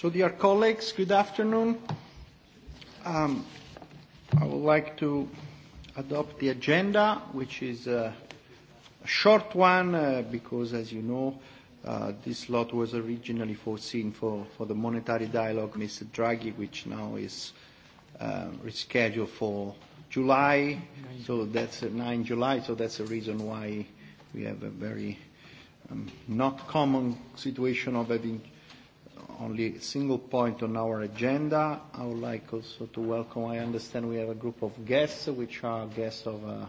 So, dear colleagues, good afternoon. Um, I would like to adopt the agenda, which is a, uh, a short one uh, because, as you know, uh, this slot was originally foreseen for, for the monetary dialogue, Mr. Draghi, which now is uh, rescheduled for July. So that's 9 uh, July. So that's the reason why we have a very um, not common situation of having only single point on our agenda. I would like also to welcome, I understand we have a group of guests, which are guests of uh,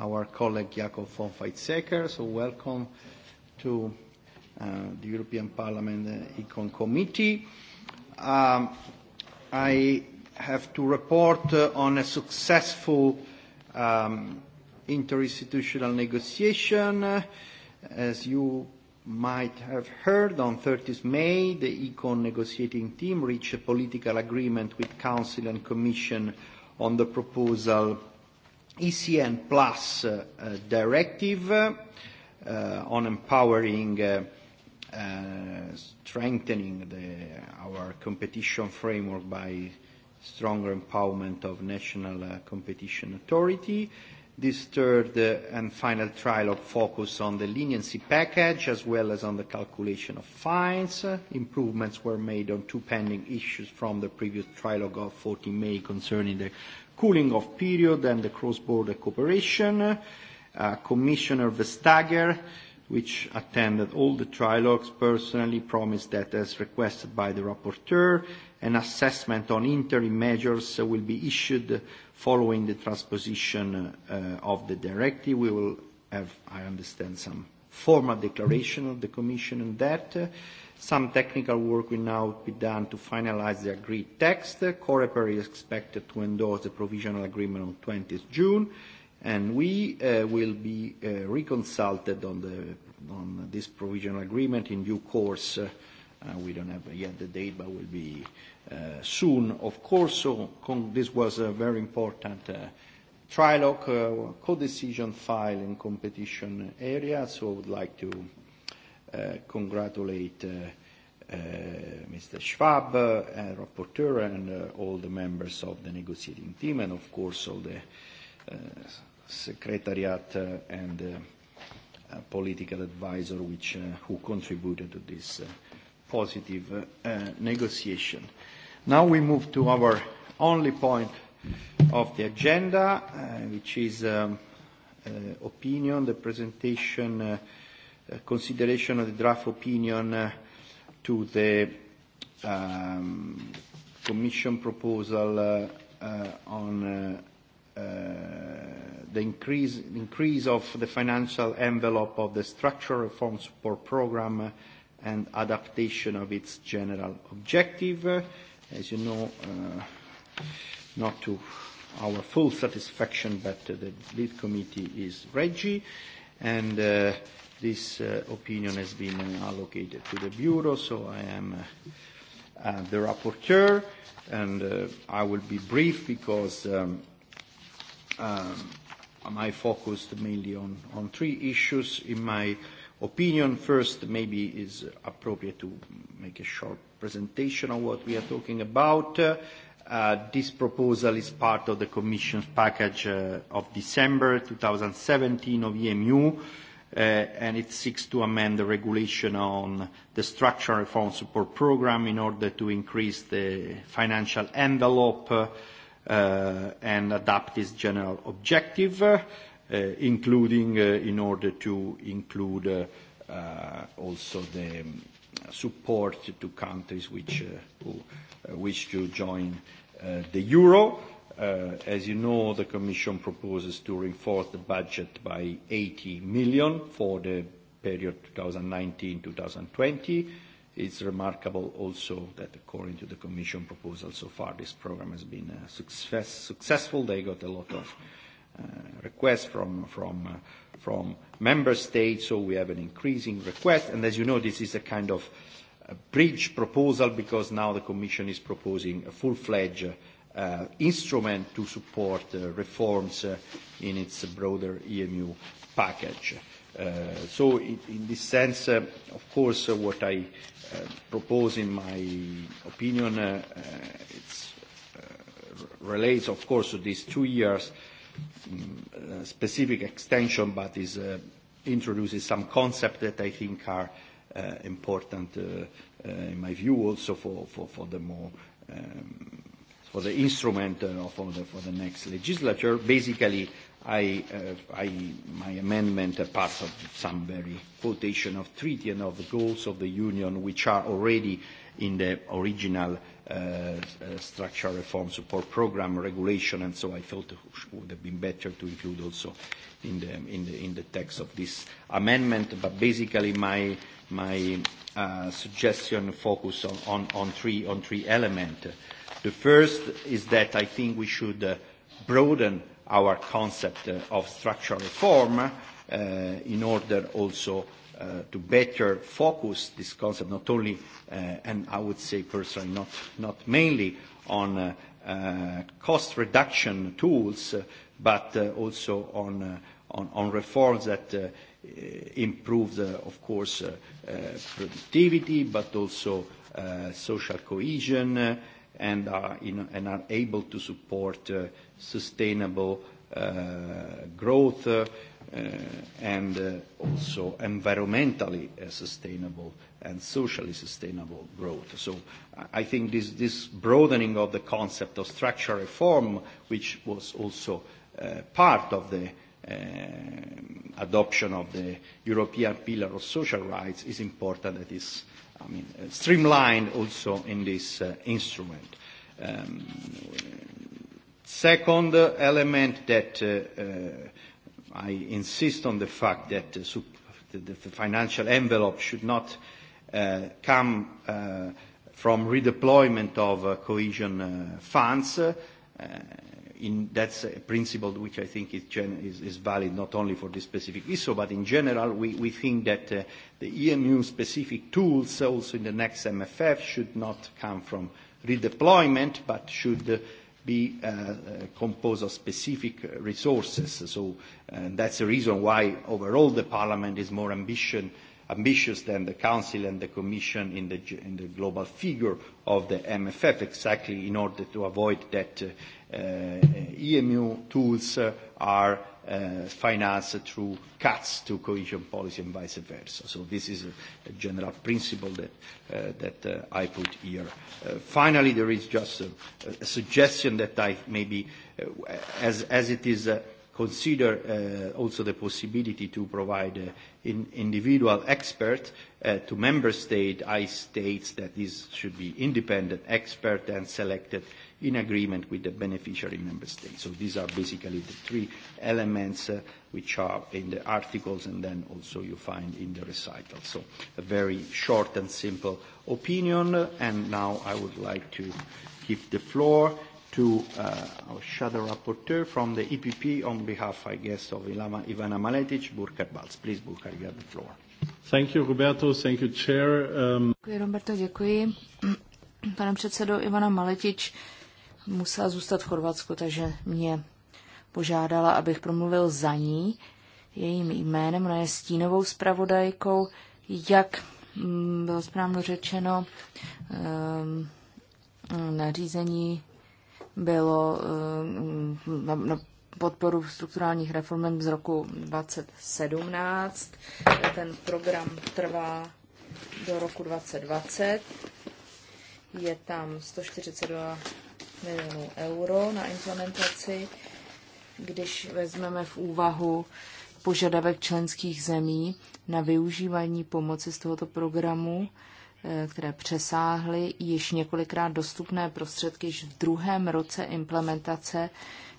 our colleague Jakob von Weizsäcker. So welcome to uh, the European Parliament uh, Econ Committee. Um, I have to report uh, on a successful um, interinstitutional negotiation. as you might have heard, on 30th May, the ECON negotiating team reached a political agreement with Council and Commission on the proposal ECN Plus uh, uh, Directive uh, uh on empowering, uh, uh, strengthening the, our competition framework by stronger empowerment of national competition authority. Uh, This third and final trilogue focused on the leniency package as well as on the calculation of fines. Improvements were made on two pending issues from the previous trilogue of 14 May concerning the cooling off period and the cross-border cooperation. Uh, Commissioner Vestager, which attended all the trilogues, personally promised that as requested by the rapporteur, An assessment on interim measures will be issued following the transposition uh, of the directive. We will have, I understand, some formal declaration of the Commission on that. Some technical work will now be done to finalize the agreed text. Coreper is expected to endorse the provisional agreement on 20th June, and we uh, will be uh, reconsulted on, the, on this provisional agreement in due course. Uh, we don't have yet the date, but will be uh, soon, of course. So this was a very important uh, trilogue, uh, co-decision file in competition area. So I would like to uh, congratulate uh, uh, Mr. Schwab, uh, rapporteur, and uh, all the members of the negotiating team, and of course all the uh, secretariat uh, and uh, uh, political advisor which, uh, who contributed to this uh, positive uh, uh, negotiation. Uh, Now we move to our only point of the agenda, uh, which is um, uh, opinion, the presentation, uh, uh, consideration of the draft opinion uh, to the um, Commission proposal uh, uh, on uh, uh, the increase, increase of the financial envelope of the structural reform support program and adaptation of its general objective. Uh, as you know, uh, not to our full satisfaction, but uh, the lead committee is Reggie, and uh, this uh, opinion has been uh, allocated to the Bureau, so I am uh, uh, the rapporteur, and uh, I will be brief because um, um, I focused mainly on, on three issues in my opinion. First, maybe is appropriate to make a short presentation on what we are talking about. Uh, this proposal is part of the Commission's package uh, of December 2017 of EMU, uh, and it seeks to amend the regulation on the structural reform support program in order to increase the financial envelope and adapt its general objective, including in order to include also the um, support to countries which uh, uh, wish to join uh, the euro. as you know, the Commission proposes to reinforce the budget by 80 million for the period 2019-2020. It's remarkable also that according to the Commission proposal so far, this program has been successful. They got a lot of requests from, from from member states, so we have an increasing request. And as you know, this is a kind of a bridge proposal because now the Commission is proposing a full-fledged uh, instrument to support uh, reforms uh, in its broader EMU package. so in, this sense, of course, what I propose in my opinion, it relates, of course, to these two years Uh, specific extension, but is uh, introduces some concepts that I think are uh, important, in my view, also for, the more um, for the instrument or for, the, for the next legislature. Basically, I, my amendment are part of some very quotation of treaty and of the goals of the Union, which are already in the original Uh, uh, structural reform support program regulation, and so I felt it would have been better to include also in the, in the, in the text of this amendment. But basically, my, my uh, suggestion focus on, on, on, three, on three elements. The first is that I think we should uh, broaden our concept uh, of structural reform uh, in order also Uh, to better focus this concept not only, uh, and I would say personally, not, not mainly on uh, uh, cost reduction tools, uh, but uh, also on, uh, on, on reforms that uh, improve, the, of course, uh, uh, productivity, but also uh, social cohesion, uh, and, are, you know, and are able to support uh, sustainable uh, growth. Uh, uh, and uh, also environmentally uh, sustainable and socially sustainable growth. So I think this, this broadening of the concept of structural reform, which was also uh, part of the uh, adoption of the European Pillar of Social Rights, is important that is I mean, uh, streamlined also in this uh, instrument. Um, second element that uh, uh, i insist on the fact that the, sup the, the financial envelope should not uh, come uh, from redeployment of uh, cohesion uh, funds. Uh, in, that's a principle which I think is, gen, is, is valid not only for this specific issue, but in general we, we think that uh, the EMU-specific tools also in the next MFF should not come from redeployment, but should uh, be uh, uh, composed of specific uh, resources. So and uh, that's the reason why overall the Parliament is more ambition, ambitious than the Council and the Commission in the, in the global figure of the MFF, exactly in order to avoid that uh, uh, EMU tools uh, are uh, Uh, finance financed through cuts to cohesion policy and vice versa. So this is a, general principle that, uh, that uh, I put here. finally, there is just a, suggestion that I maybe, as, as it is consider uh, also the possibility to provide uh, individual expert uh, to member state, I states that this should be independent expert and selected in agreement with the beneficiary member state. So these are basically the three elements which are in the articles and then also you find in the recital. So a very short and simple opinion and now I would like to give the floor to uh, our shadow rapporteur from the EPP on behalf, I guess, of Ilana, Ivana Maletic, Burkhard Balz. Please, Burkhard, you have the floor. Thank you, Roberto. Thank you, Chair. Um... Děkuji, Roberto, děkuji. Pane předsedo, Ivana Maletič musela zůstat v Chorvatsku, takže mě požádala, abych promluvil za ní. Jejím jménem, ona je stínovou zpravodajkou, jak mm, bylo správně řečeno, um, nařízení bylo eh, na, na podporu strukturálních reform z roku 2017. Ten program trvá do roku 2020. Je tam 142 milionů euro na implementaci. Když vezmeme v úvahu požadavek členských zemí na využívání pomoci z tohoto programu, Eh, které přesáhly již několikrát dostupné prostředky, již v druhém roce implementace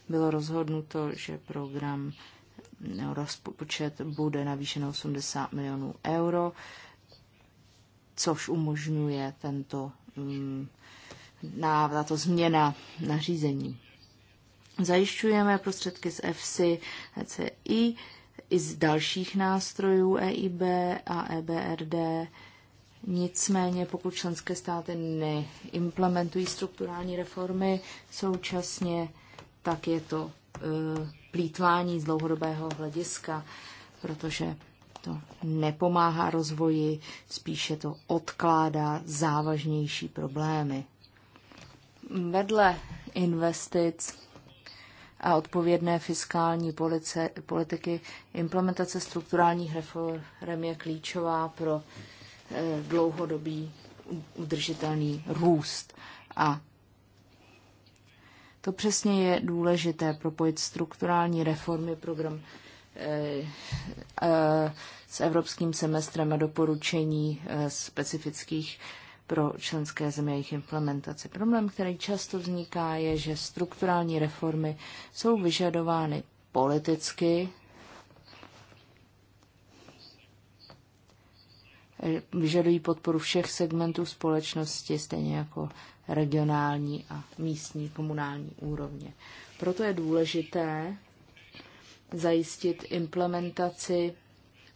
bylo rozhodnuto, že program rozpočet bude navýšen 80 milionů euro, což umožňuje tento, mm, na, tato změna nařízení. Zajišťujeme prostředky z EFSI, ECI, i z dalších nástrojů EIB a EBRD Nicméně, pokud členské státy neimplementují strukturální reformy současně, tak je to e, plítvání z dlouhodobého hlediska, protože to nepomáhá rozvoji, spíše to odkládá závažnější problémy. Vedle investic a odpovědné fiskální politiky implementace strukturálních reform je klíčová pro Eh, dlouhodobý udržitelný růst. A to přesně je důležité propojit strukturální reformy program eh, eh, s evropským semestrem a doporučení specifických pro členské země jejich implementace. Problém, který často vzniká, je, že strukturální reformy jsou vyžadovány politicky vyžadují podporu všech segmentů společnosti, stejně jako regionální a místní komunální úrovně. Proto je důležité zajistit implementaci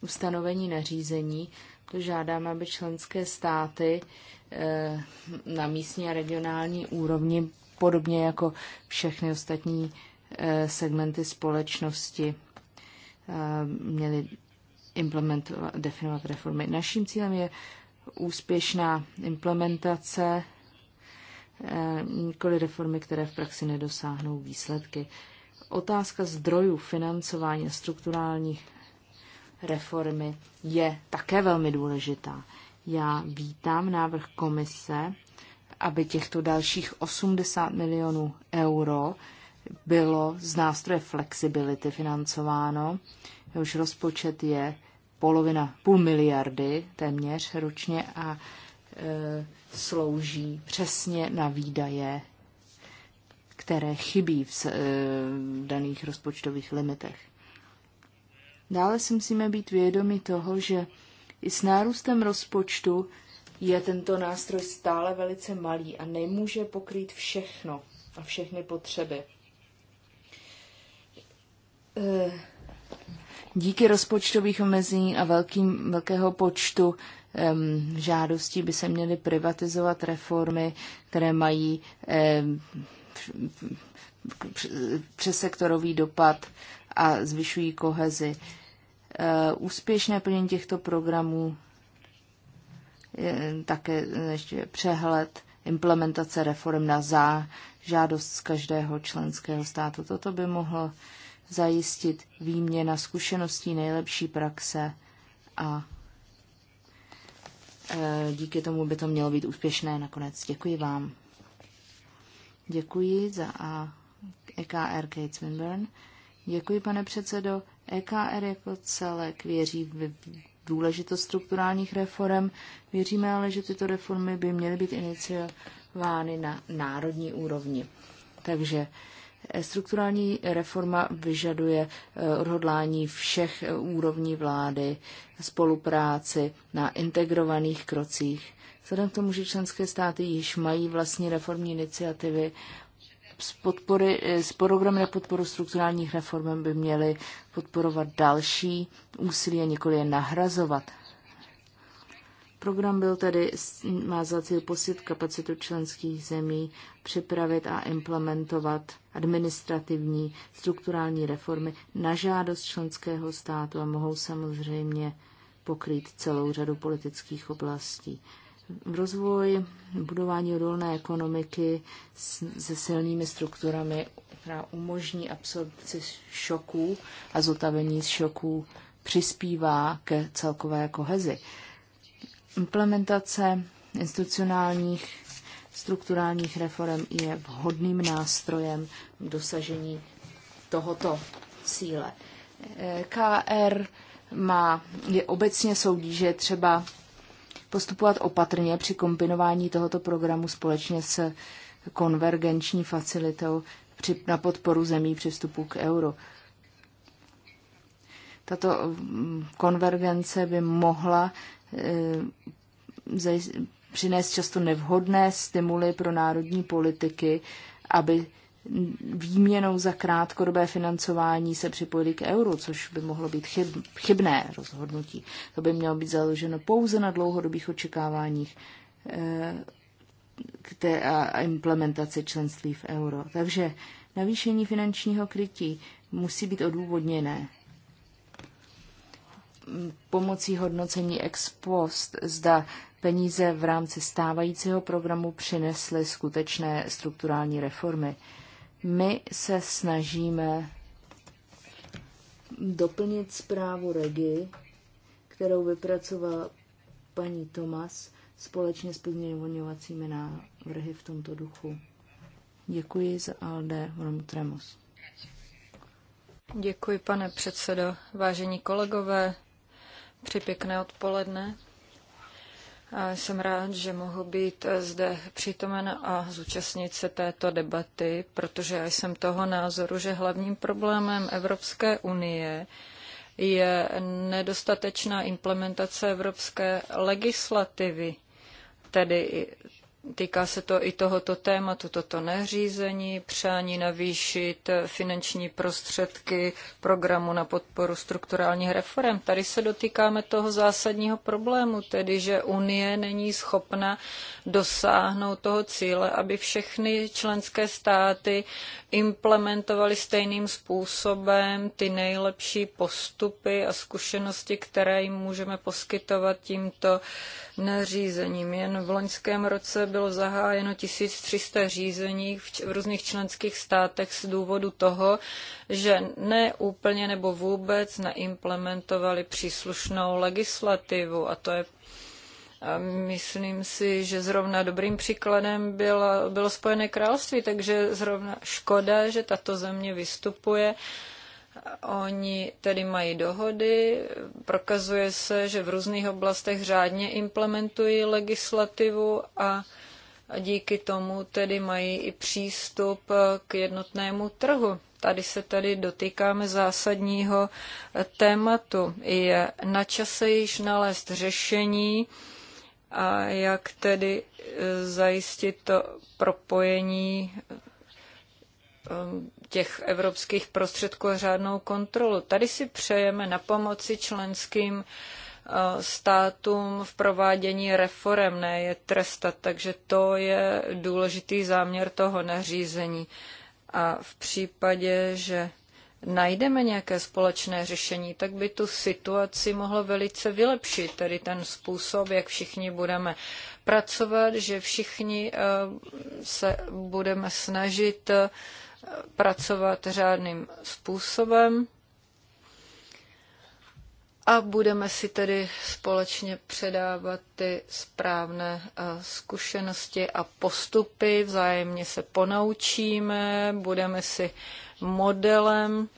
ustanovení nařízení. To žádáme, aby členské státy eh, na místní a regionální úrovni, podobně jako všechny ostatní eh, segmenty společnosti, eh, měly implementovat, definovat reformy. Naším cílem je úspěšná implementace, eh, nikoli reformy, které v praxi nedosáhnou výsledky. Otázka zdrojů financování a strukturální reformy je také velmi důležitá. Já vítám návrh komise, aby těchto dalších 80 milionů euro bylo z nástroje flexibility financováno jehož rozpočet je polovina, půl miliardy téměř ročně a e, slouží přesně na výdaje, které chybí v, e, v daných rozpočtových limitech. Dále si musíme být vědomi toho, že i s nárůstem rozpočtu je tento nástroj stále velice malý a nemůže pokrýt všechno a všechny potřeby. E, Díky rozpočtových omezení a velkým, velkého počtu um, žádostí by se měly privatizovat reformy, které mají um, přesektorový dopad a zvyšují kohezi. Uh, úspěšné plnění těchto programů je také ještě přehled implementace reform na zá, žádost z každého členského státu. Toto by mohlo zajistit výměna zkušeností, nejlepší praxe a e, díky tomu by to mělo být úspěšné nakonec. Děkuji vám. Děkuji za a EKR Kate Swinburne. Děkuji, pane předsedo. EKR jako celek věří v důležitost strukturálních reform. Věříme ale, že tyto reformy by měly být iniciovány na národní úrovni. Takže Strukturální reforma vyžaduje eh, odhodlání všech eh, úrovní vlády, spolupráci na integrovaných krocích. Vzhledem k tomu, že členské státy již mají vlastní reformní iniciativy, s, podpory, eh, s programem na podporu strukturálních reform by měly podporovat další úsilí, a nikoli je nahrazovat. Program byl tedy, má za cíl posílit kapacitu členských zemí, připravit a implementovat administrativní strukturální reformy na žádost členského státu a mohou samozřejmě pokrýt celou řadu politických oblastí. V Rozvoj budování odolné ekonomiky se silnými strukturami, která umožní absorpci šoků a zotavení z šoků, přispívá ke celkové kohezi. Implementace institucionálních strukturálních reform je vhodným nástrojem k dosažení tohoto cíle. KR má, je obecně soudí, že je třeba postupovat opatrně při kombinování tohoto programu společně s konvergenční facilitou při, na podporu zemí při vstupu k euro. Tato mm, konvergence by mohla Eh, přinést často nevhodné stimuly pro národní politiky, aby výměnou za krátkodobé financování se připojili k euru, což by mohlo být chyb, chybné rozhodnutí. To by mělo být založeno pouze na dlouhodobých očekáváních eh, k a implementaci členství v euro. Takže navýšení finančního krytí musí být odůvodněné pomocí hodnocení ex post, zda peníze v rámci stávajícího programu přinesly skutečné strukturální reformy. My se snažíme doplnit zprávu Regi, kterou vypracovala paní Tomas společně s pozměňovacími návrhy v tomto duchu. Děkuji za Alde Tremus. Děkuji, pane předsedo. Vážení kolegové, při pěkné odpoledne. Jsem rád, že mohu být zde přítomen a zúčastnit se této debaty, protože já jsem toho názoru, že hlavním problémem Evropské unie je nedostatečná implementace evropské legislativy, tedy Týká se to i tohoto tématu, toto neřízení, přání navýšit finanční prostředky programu na podporu strukturálních reform. Tady se dotýkáme toho zásadního problému, tedy že Unie není schopna dosáhnout toho cíle, aby všechny členské státy implementovaly stejným způsobem ty nejlepší postupy a zkušenosti, které jim můžeme poskytovat tímto nařízením. Jen v loňském roce bylo zahájeno 1300 řízení v, v různých členských státech z důvodu toho, že ne úplně nebo vůbec neimplementovali příslušnou legislativu a to je a myslím si, že zrovna dobrým příkladem bylo, bylo Spojené království, takže zrovna škoda, že tato země vystupuje Oni tedy mají dohody, prokazuje se, že v různých oblastech řádně implementují legislativu a díky tomu tedy mají i přístup k jednotnému trhu. Tady se tady dotýkáme zásadního tématu. Je na čase již nalézt řešení, a jak tedy zajistit to propojení Eh, těch evropských prostředků a řádnou kontrolu. Tady si přejeme na pomoci členským eh, státům v provádění reform, ne je trestat. Takže to je důležitý záměr toho nařízení. A v případě, že najdeme nějaké společné řešení, tak by tu situaci mohlo velice vylepšit, tedy ten způsob, jak všichni budeme pracovat, že všichni eh, se budeme snažit pracovat řádným způsobem a budeme si tedy společně předávat ty správné eh, zkušenosti a postupy, vzájemně se ponaučíme, budeme si modelem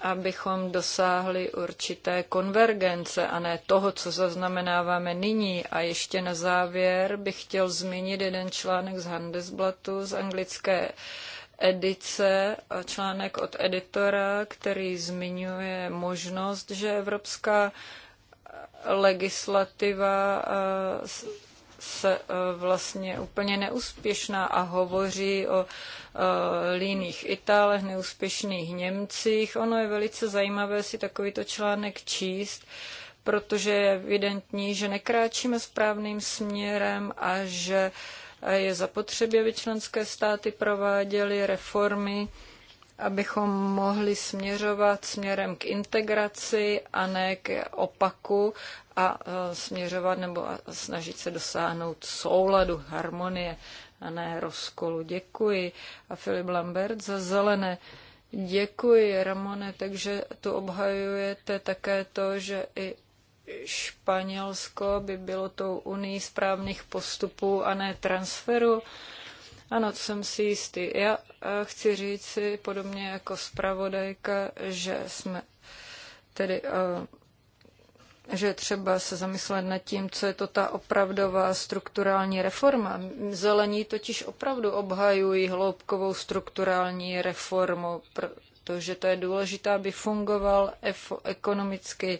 abychom dosáhli určité konvergence a ne toho, co zaznamenáváme nyní. A ještě na závěr bych chtěl zmínit jeden článek z Handelsblatu z anglické edice, článek od editora, který zmiňuje možnost, že Evropská legislativa eh, se eh, vlastně úplně neúspěšná a hovoří o eh, líných Itálech, neúspěšných Němcích. Ono je velice zajímavé si takovýto článek číst, protože je evidentní, že nekráčíme správným směrem a že je zapotřebí, aby členské státy prováděly reformy, abychom mohli směřovat směrem k integraci a ne k opaku a e, směřovat nebo snažit se dosáhnout souladu, harmonie a ne rozkolu. Děkuji. A Filip Lambert za zelené. Děkuji, Ramone. Takže tu obhajujete také to, že i Španělsko by bylo tou unii správných postupů a ne transferu. Ano, to jsem si jistý. Já eh, chci říct si, podobně jako zpravodajka, že jsme tedy eh, že třeba se zamyslet nad tím, co je to ta opravdová strukturální reforma. Zelení totiž opravdu obhajují hloubkovou strukturální reformu, protože to je důležité, aby fungoval ekonomický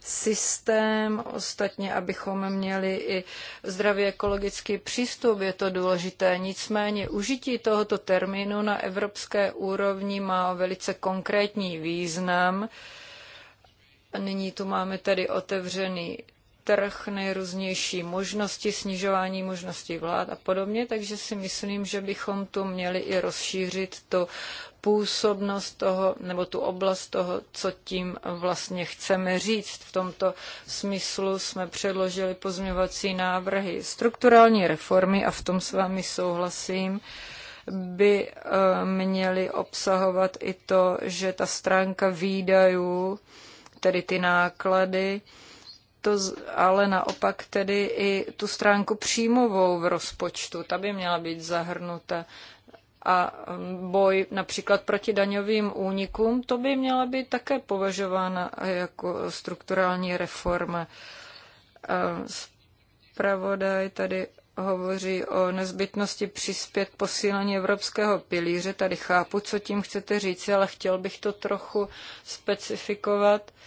systém, ostatně, abychom měli i zdravý ekologický přístup, je to důležité. Nicméně užití tohoto termínu na evropské úrovni má velice konkrétní význam. Nyní tu máme tedy otevřený trh, nejrůznější možnosti, snižování možností vlád a podobně, takže si myslím, že bychom tu měli i rozšířit to působnost toho, nebo tu oblast toho, co tím vlastně chceme říct. V tomto smyslu jsme předložili pozměvací návrhy strukturální reformy a v tom s vámi souhlasím by eh, měly obsahovat i to, že ta stránka výdajů, tedy ty náklady, to ale naopak tedy i tu stránku příjmovou v rozpočtu, ta by měla být zahrnuta. A um, boj například proti daňovým únikům, to by měla být také považována jako strukturální reforma. Spravodaj tady hovoří o nezbytnosti přispět posílení evropského pilíře. Tady chápu, co tím chcete říct, ale chtěl bych to trochu specifikovat. Uh,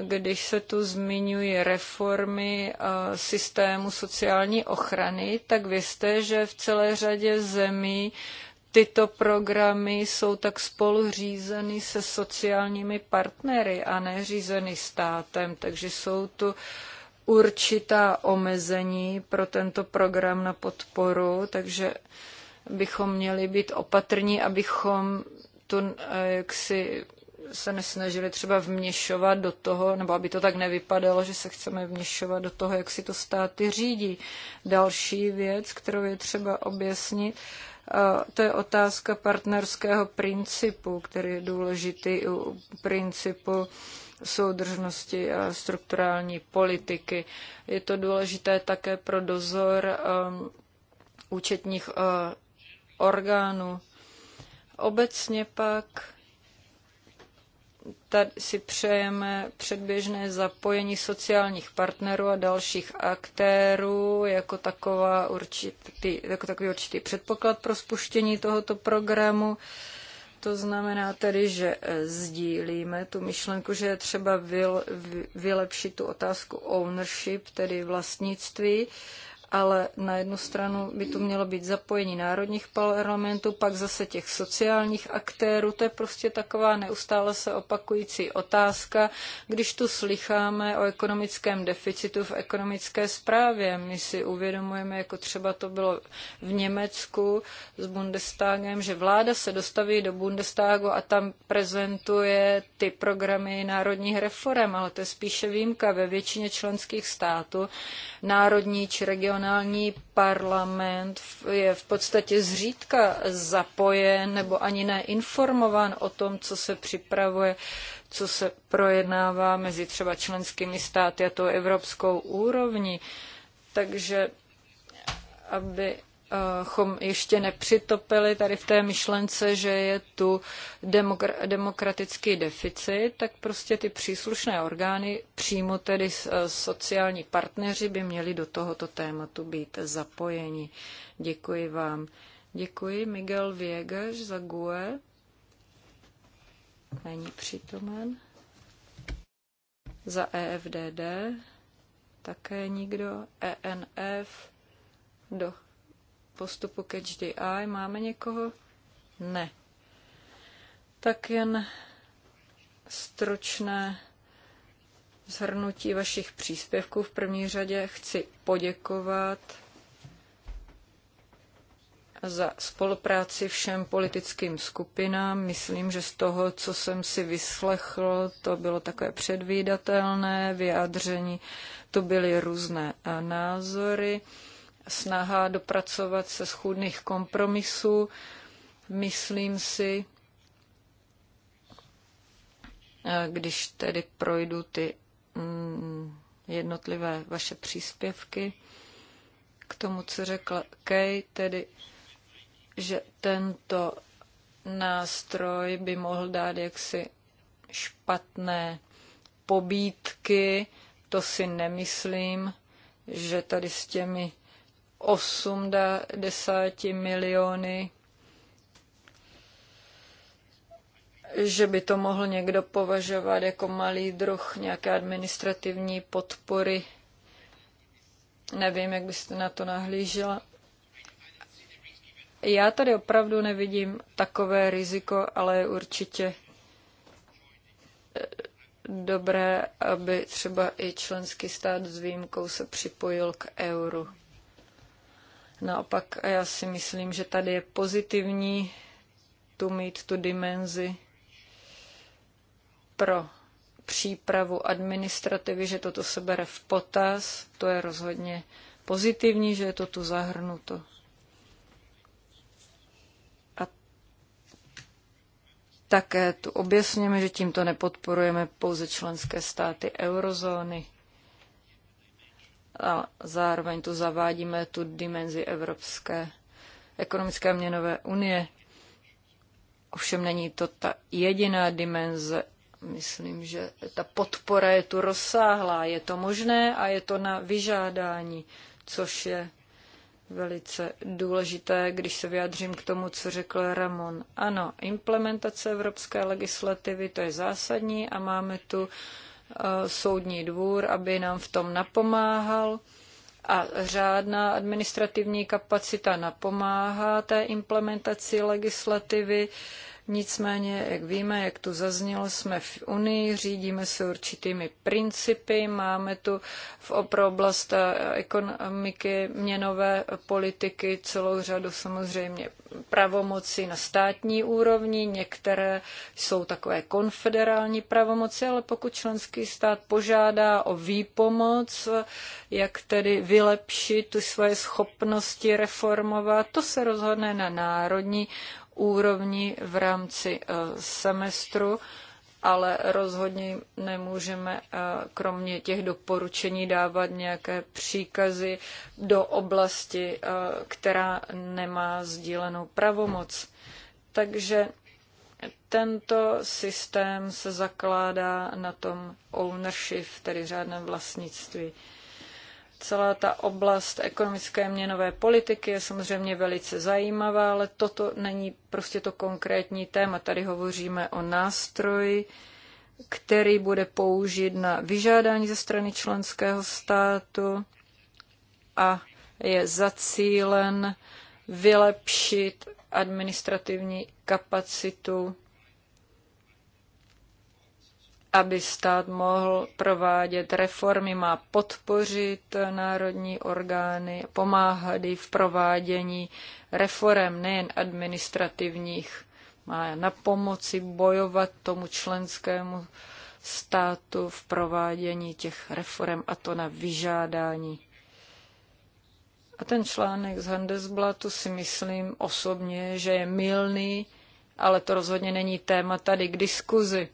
když se tu zmiňují reformy eh, systému sociální ochrany, tak vězte, že v celé řadě zemí tyto programy jsou tak spolu řízeny se sociálními partnery a řízeny státem, takže jsou tu určitá omezení pro tento program na podporu, takže bychom měli být opatrní, abychom tu eh, jaksi se nesnažili třeba vměšovat do toho, nebo aby to tak nevypadalo, že se chceme vměšovat do toho, jak si to státy řídí. Další věc, kterou je třeba objasnit, to je otázka partnerského principu, který je důležitý u principu soudržnosti a strukturální politiky. Je to důležité také pro dozor um, účetních uh, orgánů. Obecně pak tady si přejeme předběžné zapojení sociálních partnerů a dalších aktérů jako, taková určitý, jako takový určitý předpoklad pro spuštění tohoto programu. To znamená tedy, že eh, sdílíme tu myšlenku, že je třeba vylepšit tu otázku ownership, tedy vlastnictví, ale na jednu stranu by tu mělo být zapojení národních parlamentů, pak zase těch sociálních aktérů. To je prostě taková neustále se opakující otázka, když tu slycháme o ekonomickém deficitu v ekonomické zprávě. My si uvědomujeme, jako třeba to bylo v Německu s Bundestagem, že vláda se dostaví do Bundestagu a tam prezentuje ty programy národních reform, ale to je spíše výjimka. Ve většině členských států národní či regionální regionální parlament je v podstatě zřídka zapojen nebo ani neinformován o tom, co se připravuje, co se projednává mezi třeba členskými státy a tou evropskou úrovní. Takže aby chom ještě nepřitopili tady v té myšlence, že je tu demokratický deficit, tak prostě ty příslušné orgány, přímo tedy eh, sociální partneři, by měli do tohoto tématu být zapojeni. Děkuji vám. Děkuji Miguel Viegas za GUE. Není přítomen. Za EFDD také nikdo. ENF. Do postupu ke HDI. Máme někoho? Ne. Tak jen stručné zhrnutí vašich příspěvků. V první řadě chci poděkovat za spolupráci všem politickým skupinám. Myslím, že z toho, co jsem si vyslechl, to bylo takové předvídatelné vyjádření, to byly různé názory snaha dopracovat se schůdných kompromisů. Myslím si, eh, když tedy projdu ty mm, jednotlivé vaše příspěvky k tomu, co řekla Kay, tedy, že tento nástroj by mohl dát jaksi špatné pobídky, to si nemyslím, že tady s těmi 80 miliony, že by to mohl někdo považovat jako malý druh nějaké administrativní podpory. Nevím, jak byste na to nahlížela. Já tady opravdu nevidím takové riziko, ale je určitě eh, dobré, aby třeba i členský stát s výjimkou se připojil k euru. Naopak já si myslím, že tady je pozitivní tu mít tu dimenzi pro přípravu administrativy, že toto se bere v potaz, to je rozhodně pozitivní, že je to tu zahrnuto. A také tu objasněme, že tímto nepodporujeme pouze členské státy eurozóny a zároveň tu zavádíme tu dimenzi Evropské ekonomické a měnové unie. Ovšem není to ta jediná dimenze. Myslím, že ta podpora je tu rozsáhlá. Je to možné a je to na vyžádání, což je velice důležité, když se vyjádřím k tomu, co řekl Ramon. Ano, implementace evropské legislativy, to je zásadní a máme tu Eh, soudní dvůr, aby nám v tom napomáhal a řádná administrativní kapacita napomáhá té implementaci legislativy. Uh, Nicméně, jak víme, jak tu zaznělo, jsme v Unii, řídíme se určitými principy, máme tu v oblast eh, ekonomiky, měnové politiky celou řadu samozřejmě pravomoci na státní úrovni, některé jsou takové konfederální pravomoci, ale pokud členský stát požádá o výpomoc, jak tedy vylepšit tu svoje schopnosti reformovat, to se rozhodne na národní úrovni v rámci eh, semestru, ale rozhodně nemůžeme eh, kromě těch doporučení dávat nějaké příkazy do oblasti, eh, která nemá sdílenou pravomoc. Takže tento systém se zakládá na tom ownership, tedy řádném vlastnictví. Celá ta oblast ekonomické měnové politiky je samozřejmě velice zajímavá, ale toto není prostě to konkrétní téma. Tady hovoříme o nástroji, který bude použit na vyžádání ze strany členského státu a je zacílen vylepšit administrativní kapacitu aby stát mohl provádět reformy, má podpořit národní orgány, pomáhat v provádění reform, nejen administrativních. Má na pomoci bojovat tomu členskému státu v provádění těch reform a to na vyžádání. A ten článek z Handelsblatu si myslím osobně, že je milný, ale to rozhodně není téma tady k diskuzi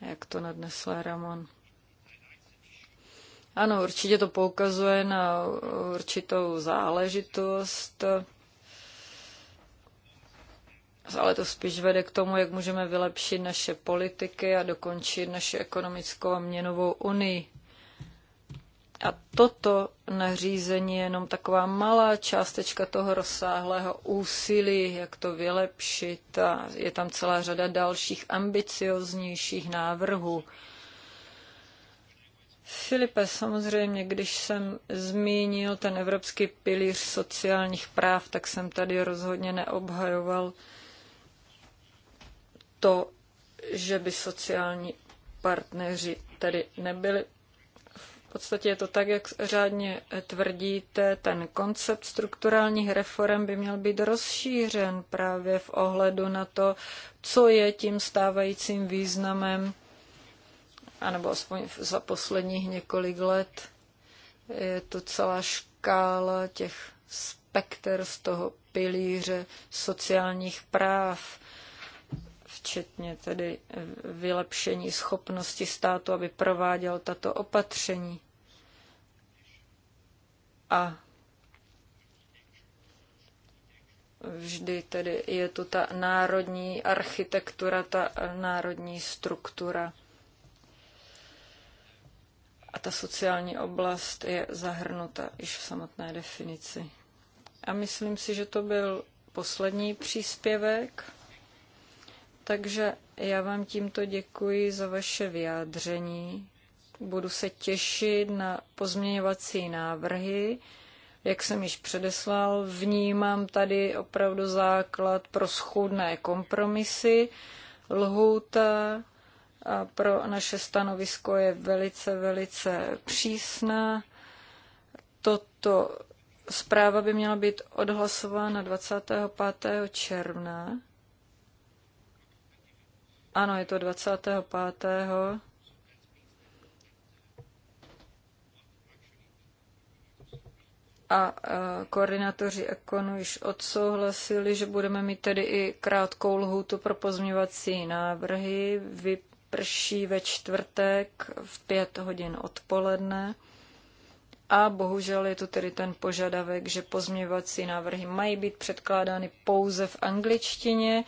jak to nadnesl Ramon. Ano, určitě to poukazuje na určitou záležitost, ale to spíš vede k tomu, jak můžeme vylepšit naše politiky a dokončit naši ekonomickou a měnovou unii. A toto nařízení je jenom taková malá částečka toho rozsáhlého úsilí, jak to vylepšit. A je tam celá řada dalších ambicioznějších návrhů. Filipe, samozřejmě, když jsem zmínil ten evropský pilíř sociálních práv, tak jsem tady rozhodně neobhajoval to, že by sociální partneři tedy nebyli podstatě je to tak, jak řádně tvrdíte, ten koncept strukturálních reform by měl být rozšířen právě v ohledu na to, co je tím stávajícím významem, anebo aspoň za posledních několik let. Je to celá škála těch spekter z toho pilíře sociálních práv včetně tedy eh, vylepšení schopnosti státu, aby prováděl tato opatření. A vždy tedy je tu ta národní architektura, ta eh, národní struktura. A ta sociální oblast je zahrnuta již v samotné definici. A myslím si, že to byl poslední příspěvek. Takže já vám tímto děkuji za vaše vyjádření. Budu se těšit na pozměňovací návrhy. Jak jsem již předeslal, vnímám tady opravdu základ pro schůdné kompromisy. Lhůta pro naše stanovisko je velice, velice přísná. Toto zpráva by měla být odhlasována 25. června ano, je to 25. A eh, koordinátoři Ekonu již odsouhlasili, že budeme mít tedy i krátkou lhůtu pro pozměvací návrhy. Vyprší ve čtvrtek v pět hodin odpoledne. A bohužel je tu tedy ten požadavek, že pozměvací návrhy mají být předkládány pouze v angličtině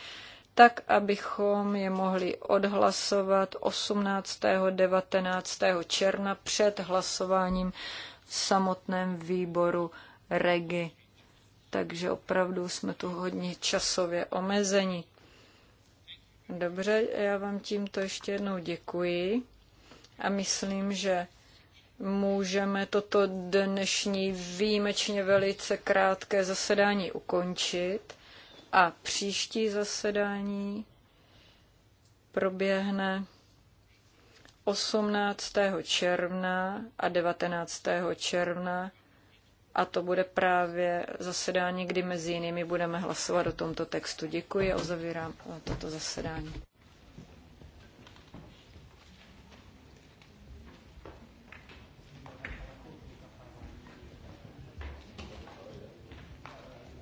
tak abychom je mohli odhlasovat 18. 19. června před hlasováním v samotném výboru REGI. Takže opravdu jsme tu hodně časově omezeni. Dobře, já vám tímto ještě jednou děkuji a myslím, že můžeme toto dnešní výjimečně velice krátké zasedání ukončit a příští zasedání proběhne 18. června a 19. června a to bude právě zasedání, kdy mezi jinými budeme hlasovat o tomto textu. Děkuji a uzavírám eh, toto zasedání.